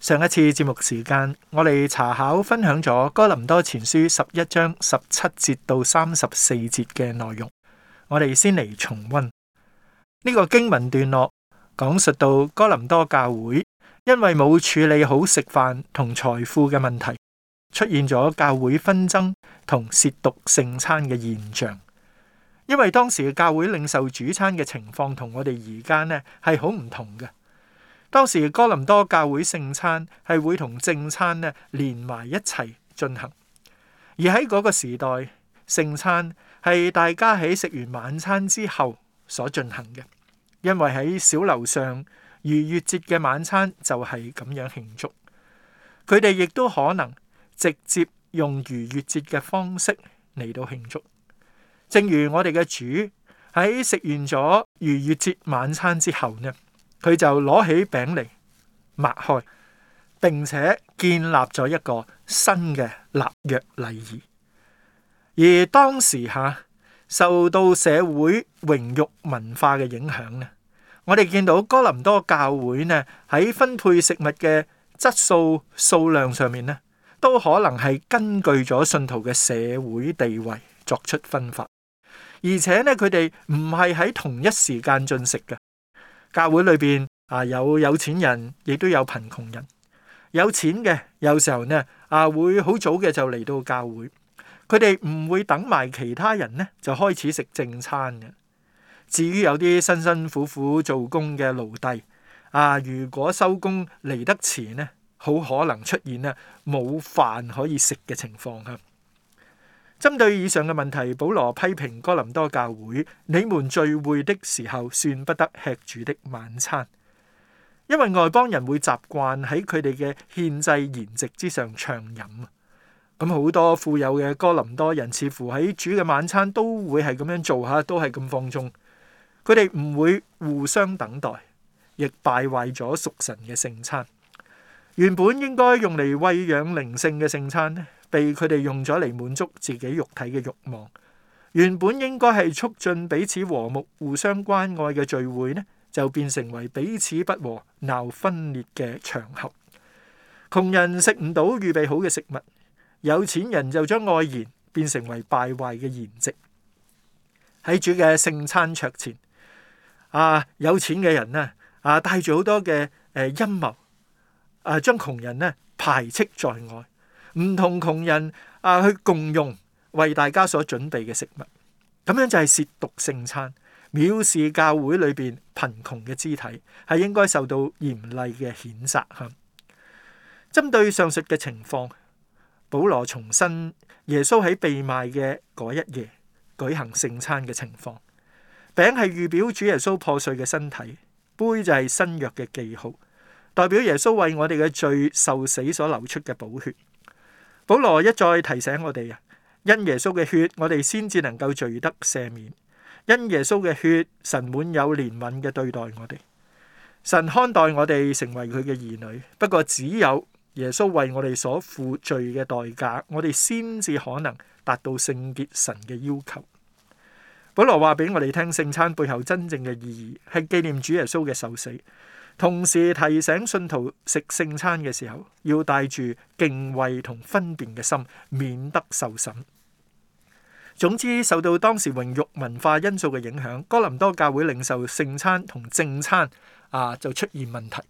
上一次節目時間，我哋查考分享咗哥林多前書十一章十七節到三十四節嘅內容。我哋先嚟重溫呢、這個經文段落，講述到哥林多教會因為冇處理好食飯同財富嘅問題，出現咗教會紛爭同褻瀆聖餐嘅現象。因為當時嘅教會領受主餐嘅情況，同我哋而家呢係好唔同嘅。當時哥林多教會聖餐係會同正餐呢連埋一齊進行，而喺嗰個時代，聖餐係大家喺食完晚餐之後所進行嘅，因為喺小樓上逾越節嘅晚餐就係咁樣慶祝。佢哋亦都可能直接用逾越節嘅方式嚟到慶祝，正如我哋嘅主喺食完咗逾越節晚餐之後呢，佢就攞起餅嚟抹開，並且建立咗一個新嘅立約禮儀。而當時嚇受到社會榮辱文化嘅影響咧，我哋見到哥林多教會咧喺分配食物嘅質素、數量上面咧，都可能係根據咗信徒嘅社會地位作出分發，而且咧佢哋唔係喺同一時間進食嘅。教會裏邊啊，有有錢人，亦都有貧窮人。有錢嘅，有時候呢啊，會好早嘅就嚟到教會。佢哋唔會等埋其他人呢，就開始食正餐嘅。至於有啲辛辛苦苦做工嘅奴隸啊，如果收工嚟得遲呢，好可能出現呢冇飯可以食嘅情況啊。針對以上嘅問題，保羅批評哥林多教會：你們聚會的時候，算不得吃主的晚餐，因為外邦人會習慣喺佢哋嘅獻祭筵席之上暢飲。咁好多富有嘅哥林多人，似乎喺主嘅晚餐都會係咁樣做下，都係咁放縱。佢哋唔會互相等待，亦敗壞咗屬神嘅聖餐。原本應該用嚟餵養靈性嘅聖餐呢，被佢哋用咗嚟滿足自己肉體嘅慾望，原本應該係促進彼此和睦、互相關愛嘅聚會呢就變成為彼此不和、鬧分裂嘅場合。窮人食唔到預備好嘅食物，有錢人就將愛筵變成為敗壞嘅筵席。喺主嘅聖餐桌前，啊，有錢嘅人咧、啊呃，啊，帶住好多嘅誒陰謀，啊，將窮人咧排斥在外。唔同窮人啊，去共用為大家所準備嘅食物，咁樣就係褻瀆聖餐，藐視教會裏邊貧窮嘅肢體，係應該受到嚴厲嘅譴責吓。針對上述嘅情況，保羅重申耶穌喺被賣嘅嗰一夜舉行聖餐嘅情況，餅係預表主耶穌破碎嘅身體，杯就係新約嘅記號，代表耶穌為我哋嘅罪受死所流出嘅寶血。保羅一再提醒我哋啊，因耶穌嘅血，我哋先至能夠罪得赦免；因耶穌嘅血，神滿有憐憫嘅對待我哋，神看待我哋成為佢嘅兒女。不過只有耶穌為我哋所付罪嘅代價，我哋先至可能達到聖潔神嘅要求。保羅話俾我哋聽，聖餐背後真正嘅意義係紀念主耶穌嘅受死。同時提醒信徒食聖餐嘅時候，要帶住敬畏同分辨嘅心，免得受審。總之，受到當時榮辱文化因素嘅影響，哥林多教會領受聖餐同正餐啊，就出現問題，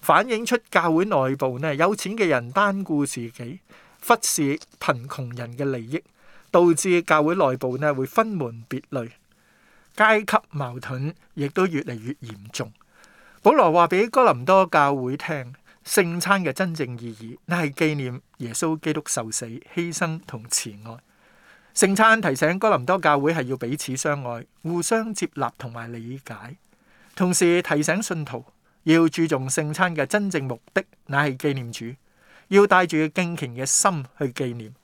反映出教會內部呢有錢嘅人單顧自己，忽視貧窮人嘅利益，導致教會內部呢會分門別類，階級矛盾亦都越嚟越嚴重。保羅話俾哥林多教會聽，聖餐嘅真正意義乃係紀念耶穌基督受死、犧牲同慈愛。聖餐提醒哥林多教會係要彼此相愛、互相接納同埋理解，同時提醒信徒要注重聖餐嘅真正目的，乃係紀念主，要帶住敬虔嘅心去紀念。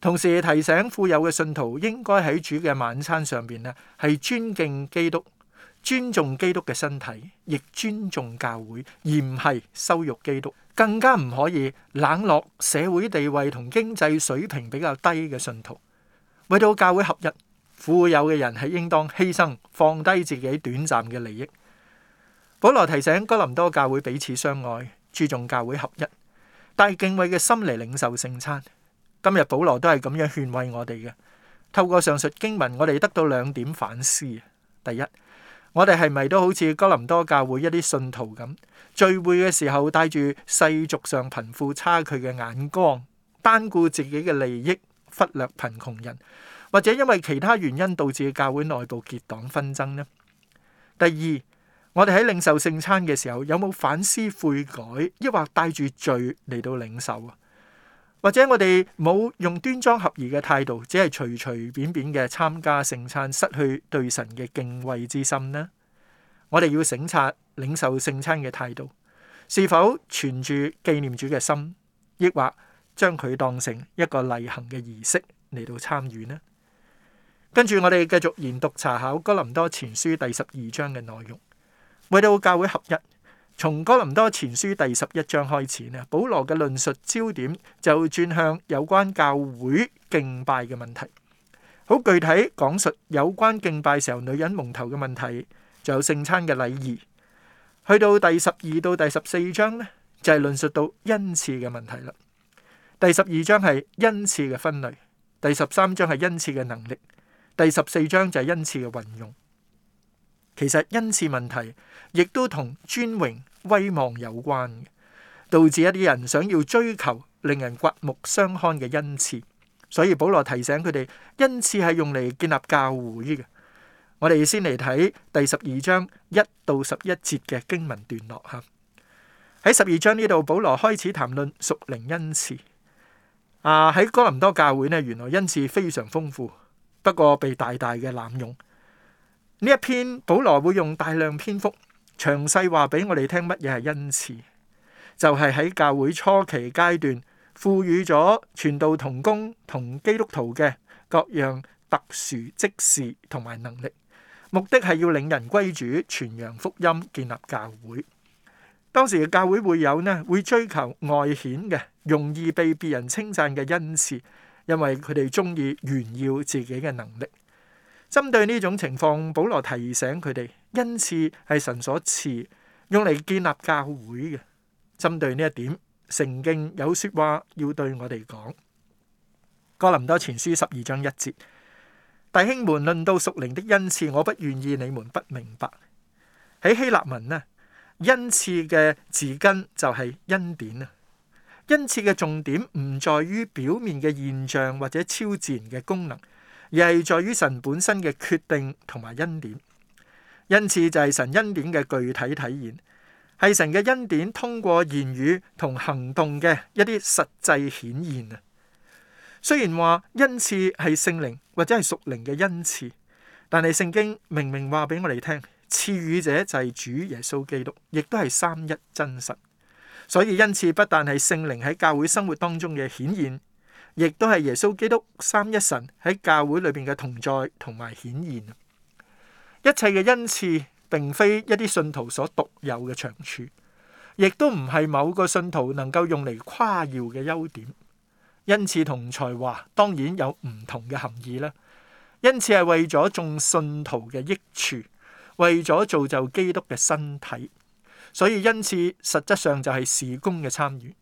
同時提醒富有嘅信徒應該喺主嘅晚餐上面呢，係尊敬基督。尊重基督嘅身體，亦尊重教會，而唔係羞辱基督。更加唔可以冷落社會地位同經濟水平比較低嘅信徒。為到教會合一，富有嘅人係應當犧牲，放低自己短暫嘅利益。保羅提醒哥林多教會彼此相愛，注重教會合一，帶敬畏嘅心嚟領受聖餐。今日保羅都係咁樣勸慰我哋嘅。透過上述經文，我哋得到兩點反思：第一。我哋係咪都好似哥林多教會一啲信徒咁，聚會嘅時候帶住世俗上貧富差距嘅眼光，單顧自己嘅利益，忽略貧窮人，或者因為其他原因導致嘅教會內部結黨紛爭呢？第二，我哋喺領受聖餐嘅時候，有冇反思悔改，抑或帶住罪嚟到領受啊？或者我哋冇用端莊合宜嘅態度，只係隨隨便便嘅參加聖餐，失去對神嘅敬畏之心呢？我哋要省察領受聖餐嘅態度，是否存住紀念主嘅心，抑或將佢當成一個例行嘅儀式嚟到參與呢？跟住我哋繼續研讀查考哥林多前書第十二章嘅內容，為到教會合一。從哥林多前書第十一章開始呢，保羅嘅論述焦點就轉向有關教會敬拜嘅問題，好具體講述有關敬拜時候女人蒙頭嘅問題，仲有聖餐嘅禮儀。去到第十二到第十四章呢，就係論述到恩賜嘅問題啦。第十二章係恩賜嘅分類，第十三章係恩賜嘅能力，第十四章就係恩賜嘅運用。其實恩賜問題亦都同尊榮、威望有關，導致一啲人想要追求令人刮目相看嘅恩賜，所以保羅提醒佢哋，恩賜係用嚟建立教會嘅。我哋先嚟睇第十二章一到十一節嘅經文段落吓。喺十二章呢度，保羅開始談論屬靈恩賜。啊，喺哥林多教會呢，原來恩賜非常豐富，不過被大大嘅濫用。呢一篇保羅會用大量篇幅詳細話俾我哋聽，乜嘢係恩賜？就係、是、喺教會初期階段賦予咗傳道同工同基督徒嘅各樣特殊職事同埋能力，目的係要令人歸主、傳揚福音、建立教會。當時嘅教會會有呢會追求外顯嘅、容易被別人稱讚嘅恩賜，因為佢哋中意炫耀自己嘅能力。針對呢種情況，保羅提醒佢哋恩賜係神所賜，用嚟建立教會嘅。針對呢一點，聖經有説話要對我哋講。哥林多前書十二章一節，弟兄們，論到屬靈的恩賜，我不願意你們不明白。喺希臘文呢，恩賜嘅字根就係恩典啊。恩賜嘅重點唔在於表面嘅現象或者超自然嘅功能。而係在於神本身嘅決定同埋恩典，恩賜就係神恩典嘅具體體現，係神嘅恩典通過言語同行動嘅一啲實際顯現啊。雖然話恩賜係聖靈或者係屬靈嘅恩賜，但係聖經明明話俾我哋聽，賜予者就係主耶穌基督，亦都係三一真實。所以恩賜不但係聖靈喺教會生活當中嘅顯現。亦都係耶穌基督三一神喺教會裏邊嘅同在同埋顯現。一切嘅恩賜並非一啲信徒所獨有嘅長處，亦都唔係某個信徒能夠用嚟誇耀嘅優點。恩賜同才華當然有唔同嘅含義啦。恩賜係為咗眾信徒嘅益處，為咗造就基督嘅身體，所以恩賜實質上就係事工嘅參與。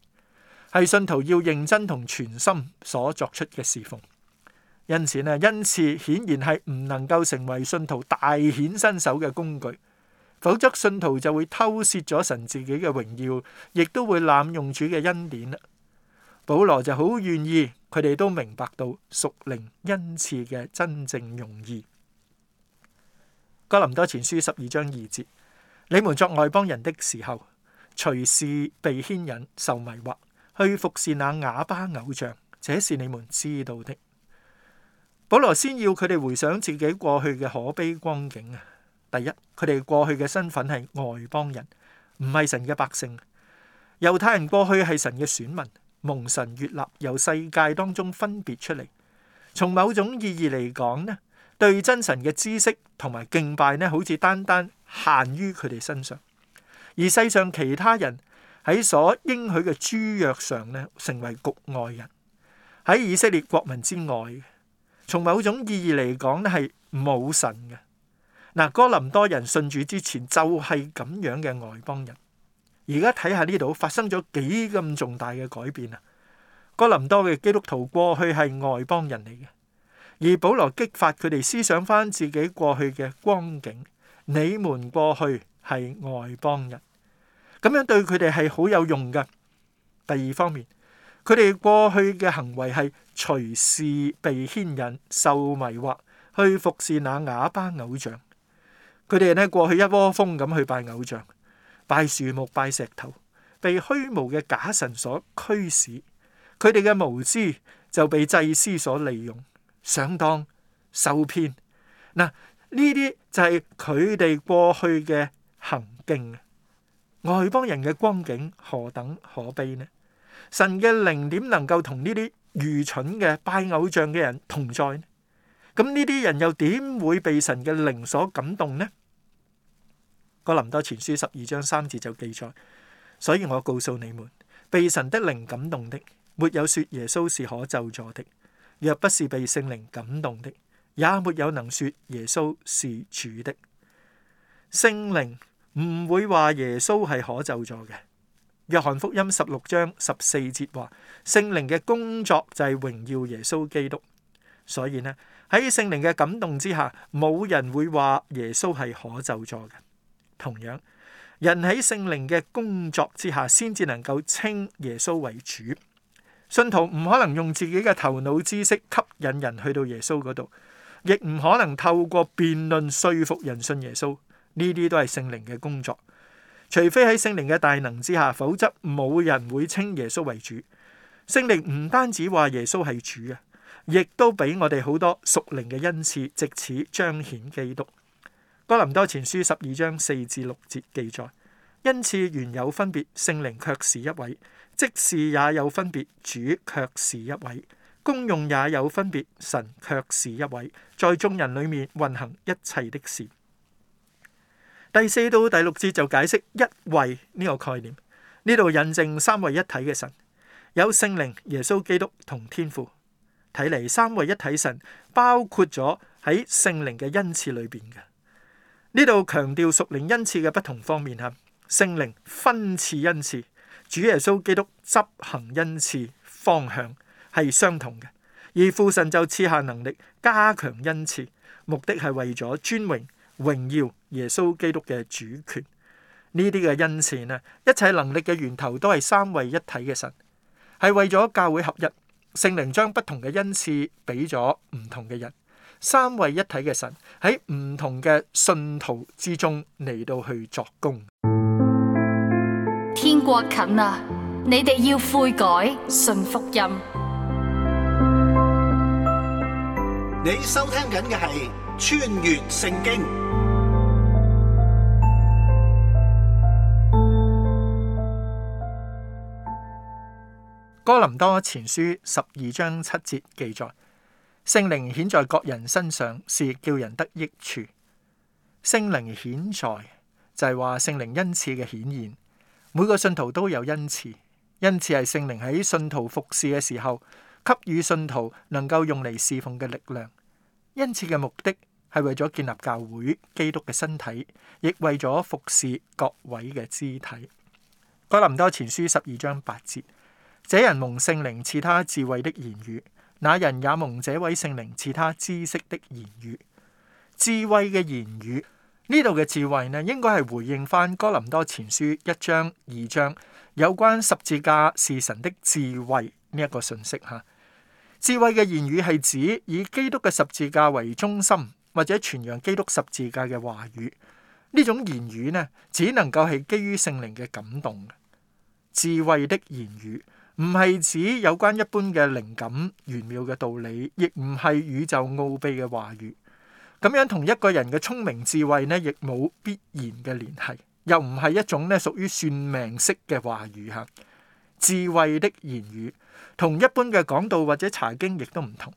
係信徒要認真同全心所作出嘅侍奉，因此呢，恩賜顯然係唔能夠成為信徒大顯身手嘅工具，否則信徒就會偷竊咗神自己嘅榮耀，亦都會濫用主嘅恩典。保羅就好願意佢哋都明白到屬靈恩賜嘅真正用意。哥林多前書十二章二節：你們作外邦人的時候，隨時被牽引受迷惑。去服侍那啞巴偶像，這是你們知道的。保羅先要佢哋回想自己過去嘅可悲光景啊！第一，佢哋過去嘅身份係外邦人，唔係神嘅百姓。猶太人過去係神嘅選民，蒙神悅立，由世界當中分別出嚟。從某種意義嚟講呢，對真神嘅知識同埋敬拜呢，好似單單限於佢哋身上，而世上其他人。喺所應許嘅諸約上咧，成為局外人，喺以色列國民之外嘅。從某種意義嚟講咧，係冇神嘅。嗱，哥林多人信主之前就係咁樣嘅外邦人。而家睇下呢度發生咗幾咁重大嘅改變啊！哥林多嘅基督徒過去係外邦人嚟嘅，而保羅激發佢哋思想返自己過去嘅光景。你們過去係外邦人。咁樣對佢哋係好有用嘅。第二方面，佢哋過去嘅行為係隨時被牽引、受迷惑，去服侍那啞巴偶像。佢哋咧過去一窩蜂咁去拜偶像、拜樹木、拜石頭，被虛無嘅假神所驅使。佢哋嘅無知就被祭司所利用，上當受騙。嗱，呢啲就係佢哋過去嘅行徑。外邦人嘅光景何等可悲呢？神嘅靈點能夠同呢啲愚蠢嘅拜偶像嘅人同在呢？咁呢啲人又點會被神嘅靈所感動呢？《哥林多前書》十二章三節就記載，所以我告訴你們，被神的靈感動的，沒有說耶穌是可咒詛的；若不是被聖靈感動的，也沒有能說耶穌是主的。聖靈。唔會話耶穌係可咒詛嘅。約翰福音十六章十四節話，聖靈嘅工作就係榮耀耶穌基督。所以呢喺聖靈嘅感動之下，冇人會話耶穌係可咒詛嘅。同樣，人喺聖靈嘅工作之下，先至能夠稱耶穌為主。信徒唔可能用自己嘅頭腦知識吸引人去到耶穌嗰度，亦唔可能透過辯論說服人信耶穌。呢啲都係聖靈嘅工作，除非喺聖靈嘅大能之下，否則冇人會稱耶穌為主。聖靈唔單止話耶穌係主啊，亦都俾我哋好多屬靈嘅恩賜，藉此彰顯基督。哥林多前書十二章四至六節記載：恩賜原有分別，聖靈卻是一位；職事也有分別，主卻是一位；功用也有分別，神卻是一位，在眾人裏面運行一切的事。第四到第六節就解釋一位呢個概念。呢度引證三位一體嘅神有聖靈、耶穌基督同天父。睇嚟三位一體神包括咗喺聖靈嘅恩賜裏邊嘅，呢度強調屬靈恩賜嘅不同方面吓，聖靈分賜恩賜，主耶穌基督執行恩賜方向係相同嘅，而父神就賜下能力加強恩賜，目的係為咗尊榮榮耀。耶穌基督嘅主權，呢啲嘅恩賜啊，一切能力嘅源頭都係三位一體嘅神，係為咗教會合一，聖靈將不同嘅恩賜俾咗唔同嘅人，三位一體嘅神喺唔同嘅信徒之中嚟到去作工。天國近啊，你哋要悔改，信福音。你收聽緊嘅係穿越聖經。哥林多前書十二章七節記載，聖靈顯在各人身上，是叫人得益處。聖靈顯在就係話聖靈恩賜嘅顯現，每個信徒都有恩賜。恩賜係聖靈喺信徒服侍嘅時候給予信徒能夠用嚟侍奉嘅力量。恩賜嘅目的係為咗建立教會基督嘅身體，亦為咗服侍各位嘅肢體。哥林多前書十二章八節。.這人蒙聖靈賜他智慧的言語，那人也蒙這位聖靈賜他知識的言語。智慧嘅言語，呢度嘅智慧呢，應該係回應翻哥林多前書一章二章有關十字架是神的智慧呢一個信息吓。智慧嘅言語係指以基督嘅十字架為中心，或者傳揚基督十字架嘅話語。呢種言語呢，只能夠係基於聖靈嘅感動智慧的言語。唔係指有關一般嘅靈感玄妙嘅道理，亦唔係宇宙奧秘嘅話語，咁樣同一個人嘅聰明智慧呢，亦冇必然嘅聯繫，又唔係一種呢屬於算命式嘅話語嚇。智慧的言語同一般嘅講道或者查經亦都唔同，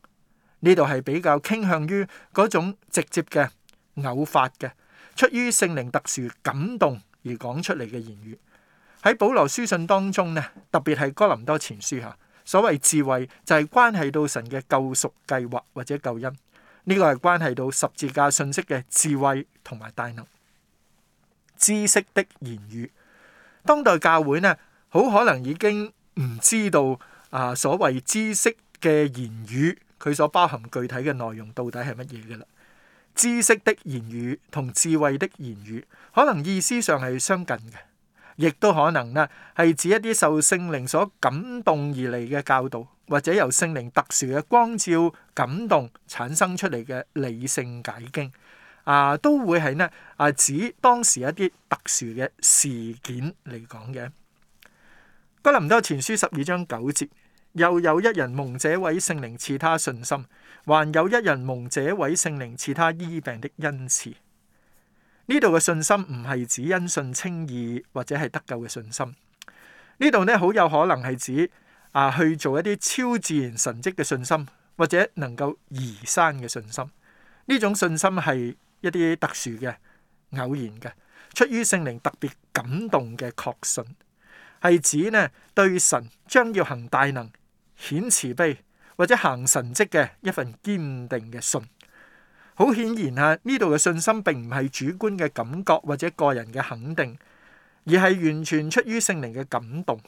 呢度係比較傾向於嗰種直接嘅偶發嘅，出於聖靈特殊感動而講出嚟嘅言語。喺保羅書信當中咧，特別係哥林多前書嚇，所謂智慧就係關係到神嘅救贖計劃或者救恩，呢個係關係到十字架信息嘅智慧同埋大能、知識的言語。當代教會咧，好可能已經唔知道啊所謂知識嘅言語佢所包含具體嘅內容到底係乜嘢嘅啦。知識的言語同智慧的言語可能意思上係相近嘅。亦都可能呢，係指一啲受聖靈所感動而嚟嘅教導，或者由聖靈特殊嘅光照感動產生出嚟嘅理性解經，啊，都會係呢啊指當時一啲特殊嘅事件嚟講嘅。哥林多前書十二章九節，又有一人蒙這位聖靈賜他信心，還有一人蒙這位聖靈賜他醫病的恩賜。呢度嘅信心唔係指因信稱義或者係得救嘅信心，呢度呢，好有可能係指啊去做一啲超自然神蹟嘅信心，或者能夠移山嘅信心。呢種信心係一啲特殊嘅偶然嘅，出於聖靈特別感動嘅確信，係指呢對神將要行大能、顯慈悲或者行神蹟嘅一份堅定嘅信。好顯然啊！呢度嘅信心並唔係主觀嘅感覺或者個人嘅肯定，而係完全出於聖靈嘅感動，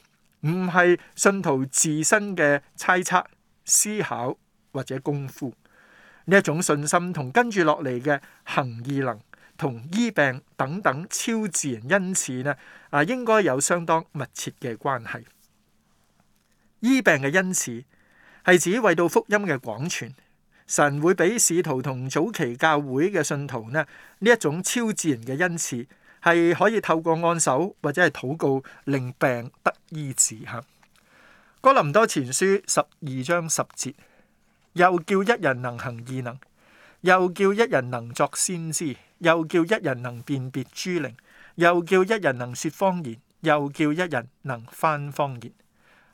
唔係信徒自身嘅猜測、思考或者功夫。呢一種信心同跟住落嚟嘅行異能同醫病等等超自然恩賜咧，啊應該有相當密切嘅關係。醫病嘅恩賜係指為到福音嘅廣傳。神會俾使徒同早期教會嘅信徒呢，呢一種超自然嘅恩賜，係可以透過按手或者係禱告，令病得醫治。哥林多前書十二章十節，又叫一人能行異能，又叫一人能作先知，又叫一人能辨別諸靈，又叫一人能說方言，又叫一人能翻方言。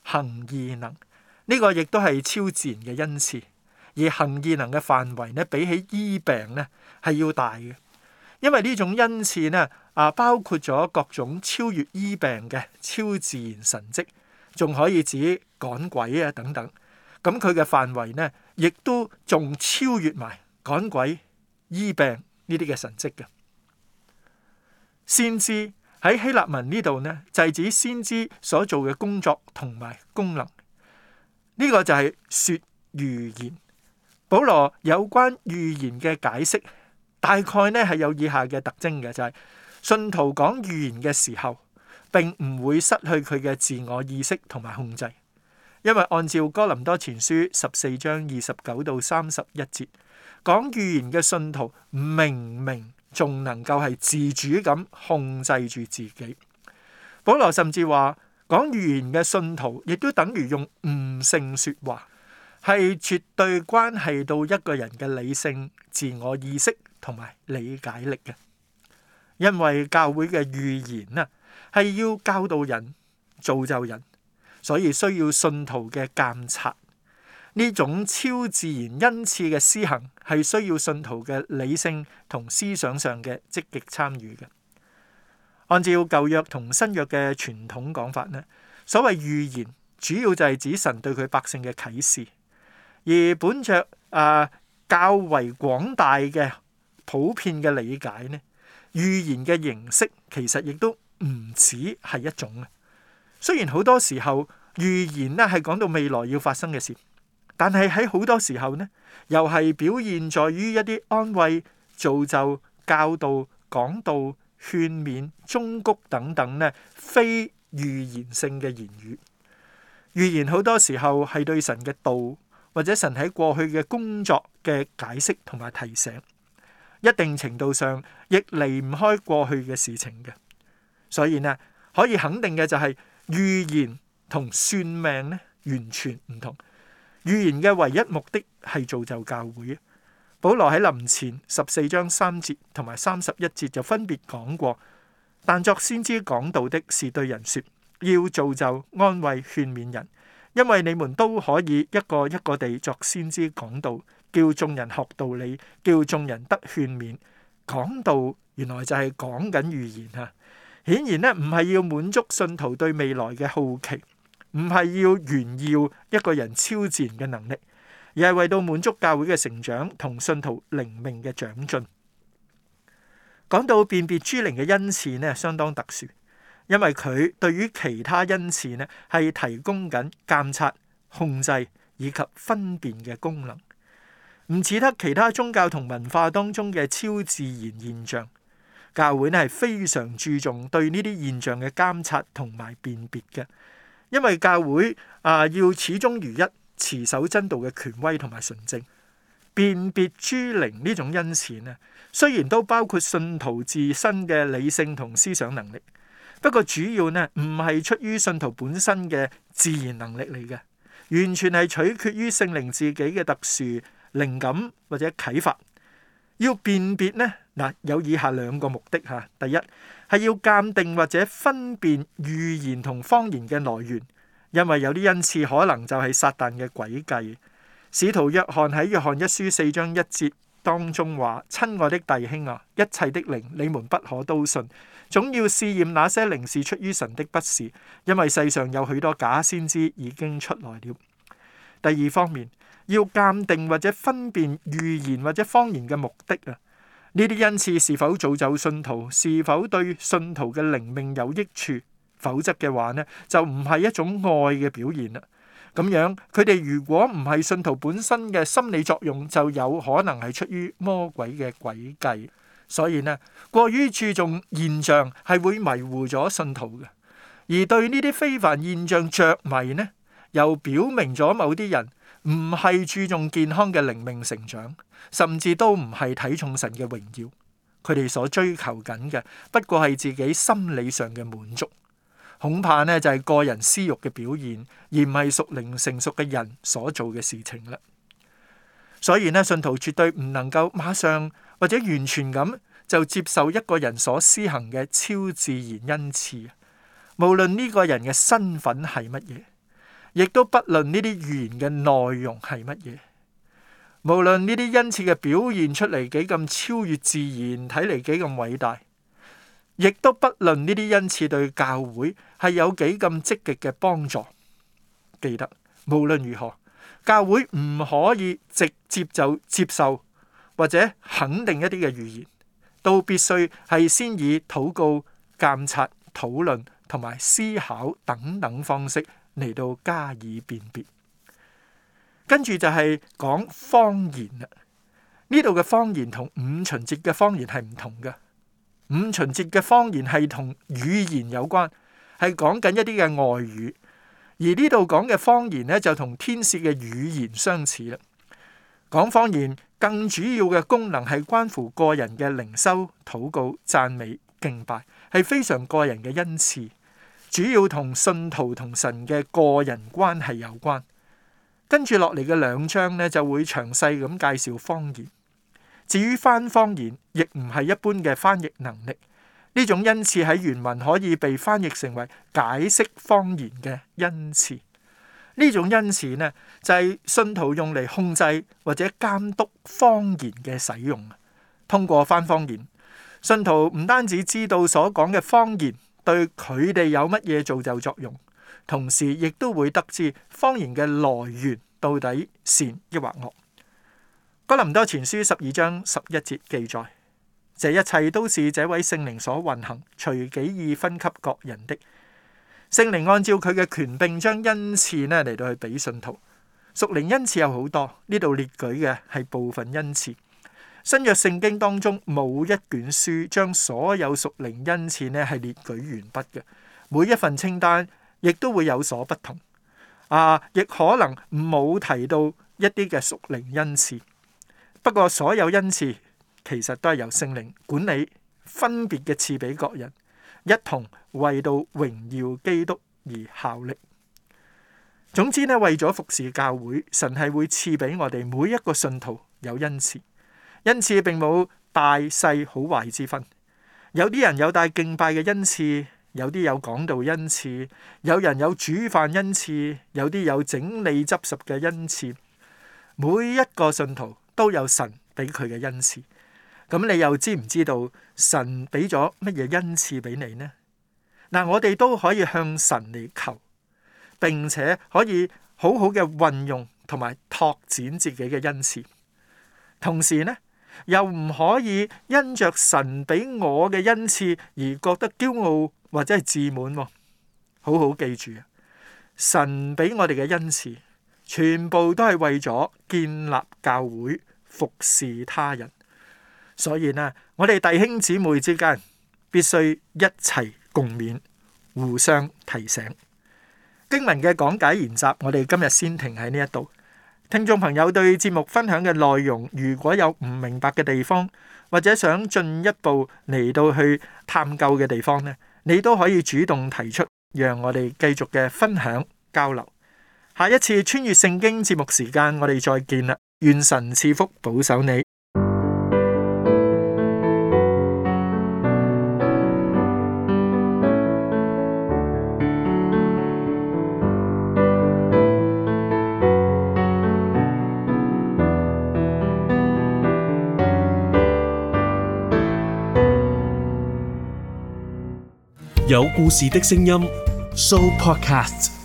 行異能呢個亦都係超自然嘅恩賜。而行異能嘅範圍咧，比起醫病咧係要大嘅，因為呢種恩賜咧啊，包括咗各種超越醫病嘅超自然神跡，仲可以指趕鬼啊等等。咁佢嘅範圍咧，亦都仲超越埋趕鬼醫病呢啲嘅神跡嘅先知喺希臘文呢度咧，就係指先知所做嘅工作同埋功能呢、這個就係説預言。保羅有關預言嘅解釋，大概咧係有以下嘅特徵嘅，就係、是、信徒講預言嘅時候，並唔會失去佢嘅自我意識同埋控制，因為按照哥林多前書十四章二十九到三十一節，講預言嘅信徒明明仲能夠係自主咁控制住自己。保羅甚至話，講預言嘅信徒亦都等於用悟性說話。係絕對關係到一個人嘅理性、自我意識同埋理解力嘅，因為教會嘅預言啊，係要教導人造就人，所以需要信徒嘅監察。呢種超自然恩賜嘅施行係需要信徒嘅理性同思想上嘅積極參與嘅。按照舊約同新約嘅傳統講法呢，所謂預言主要就係指神對佢百姓嘅啟示。而本着啊，較為廣大嘅普遍嘅理解咧，預言嘅形式其實亦都唔止係一種啊。雖然好多時候預言咧係講到未來要發生嘅事，但係喺好多時候呢又係表現在於一啲安慰、造就、教導、講道、講道、勸勉、忠告等等咧，非預言性嘅言語。預言好多時候係對神嘅道。或者神喺過去嘅工作嘅解釋同埋提醒，一定程度上亦離唔開過去嘅事情嘅。所以呢，可以肯定嘅就係、是、預言同算命咧完全唔同。預言嘅唯一目的係造就教會。保羅喺林前十四章三節同埋三十一節就分別講過，但作先知講道的是對人説，要造就、安慰、勸勉人。因為你們都可以一個一個地作先知講道，叫眾人學道理，叫眾人得勸勉。講道原來就係講緊預言啊！顯然呢，唔係要滿足信徒對未來嘅好奇，唔係要炫耀一個人超自然嘅能力，而係為到滿足教會嘅成長同信徒靈命嘅長進。講到辨別諸靈嘅恩賜呢，相當特殊。因為佢對於其他恩賜呢，係提供緊監察、控制以及分辨嘅功能，唔似得其他宗教同文化當中嘅超自然現象。教會呢，係非常注重對呢啲現象嘅監察同埋辨別嘅，因為教會啊，要始終如一，持守真道嘅權威同埋純正。辨別諸靈呢種恩賜呢，雖然都包括信徒自身嘅理性同思想能力。不過主要呢，唔係出於信徒本身嘅自然能力嚟嘅，完全係取決於聖靈自己嘅特殊靈感或者啟發。要辨別呢，嗱，有以下兩個目的吓。第一係要鑑定或者分辨預言同方言嘅來源，因為有啲恩賜可能就係撒旦嘅詭計。使徒約翰喺約翰一書四章一節。當中話，親愛的弟兄啊，一切的靈，你們不可都信，總要試驗那些靈是出於神的不是，因為世上有許多假先知已經出來了。第二方面，要鑑定或者分辨預言或者方言嘅目的啊，呢啲恩賜是否造就信徒，是否對信徒嘅靈命有益處，否則嘅話呢，就唔係一種愛嘅表現啦。咁樣，佢哋如果唔係信徒本身嘅心理作用，就有可能係出於魔鬼嘅詭計。所以呢，過於注重現象係會迷糊咗信徒嘅，而對呢啲非凡現象着迷呢，又表明咗某啲人唔係注重健康嘅靈命成長，甚至都唔係睇重神嘅榮耀。佢哋所追求緊嘅不過係自己心理上嘅滿足。恐怕呢，就係、是、個人私欲嘅表現，而唔係屬靈成熟嘅人所做嘅事情啦。所以呢，信徒絕對唔能夠馬上或者完全咁就接受一個人所施行嘅超自然恩賜，無論呢個人嘅身份係乜嘢，亦都不論呢啲語言嘅內容係乜嘢，無論呢啲恩賜嘅表現出嚟幾咁超越自然，睇嚟幾咁偉大。亦都不論呢啲恩賜對教會係有幾咁積極嘅幫助，記得無論如何，教會唔可以直接就接受或者肯定一啲嘅預言，都必須係先以禱告、鑒察、討論同埋思考等等方式嚟到加以辨別。跟住就係講方言，呢度嘅方言，五節言同五旬節嘅方言係唔同噶。五旬節嘅方言係同語言有關，係講緊一啲嘅外語，而呢度講嘅方言呢，就同天使嘅語言相似啦。講方言更主要嘅功能係關乎個人嘅靈修、禱告、讚美、敬拜，係非常個人嘅恩賜，主要同信徒同神嘅個人關係有關。跟住落嚟嘅兩章呢，就會詳細咁介紹方言。至於翻方言，亦唔係一般嘅翻譯能力。呢種恩賜喺原文可以被翻譯成為解釋方言嘅恩賜。呢種恩賜呢，就係信徒用嚟控制或者監督方言嘅使用。通過翻方言，信徒唔單止知道所講嘅方言對佢哋有乜嘢造就作用，同時亦都會得知方言嘅來源到底善抑或惡。《哥林多前書》十二章十一節記載，這一切都是這位聖靈所運行，隨己意分給各人的。聖靈按照佢嘅權柄，將恩賜呢嚟到去俾信徒。屬靈恩賜有好多，呢度列舉嘅係部分恩賜。新約聖經當中冇一卷書將所有屬靈恩賜呢係列舉完畢嘅，每一份清單亦都會有所不同。啊，亦可能冇提到一啲嘅屬靈恩賜。不過，所有恩賜其實都係由聖靈管理，分別嘅賜俾各人，一同為到榮耀基督而效力。總之呢，為咗服侍教會，神係會賜俾我哋每一個信徒有恩賜。恩賜並冇大細、好壞之分。有啲人有帶敬拜嘅恩賜，有啲有講道恩賜，有人有煮飯恩賜，有啲有整理執拾嘅恩賜。每一個信徒。都有神俾佢嘅恩賜，咁你又知唔知道神俾咗乜嘢恩賜俾你呢？嗱，我哋都可以向神嚟求，並且可以好好嘅運用同埋拓展自己嘅恩賜，同時呢又唔可以因着神俾我嘅恩賜而覺得驕傲或者係自滿喎、哦。好好記住，神俾我哋嘅恩賜。全部都係為咗建立教會、服侍他人，所以呢，我哋弟兄姊妹之間必須一齊共勉、互相提醒。經文嘅講解研習，我哋今日先停喺呢一度。聽眾朋友對節目分享嘅內容，如果有唔明白嘅地方，或者想進一步嚟到去探究嘅地方呢，你都可以主動提出，讓我哋繼續嘅分享交流。下一次穿越聖經節目時間，我哋再見啦！願神賜福保守你。有故事的聲音，Show Podcast。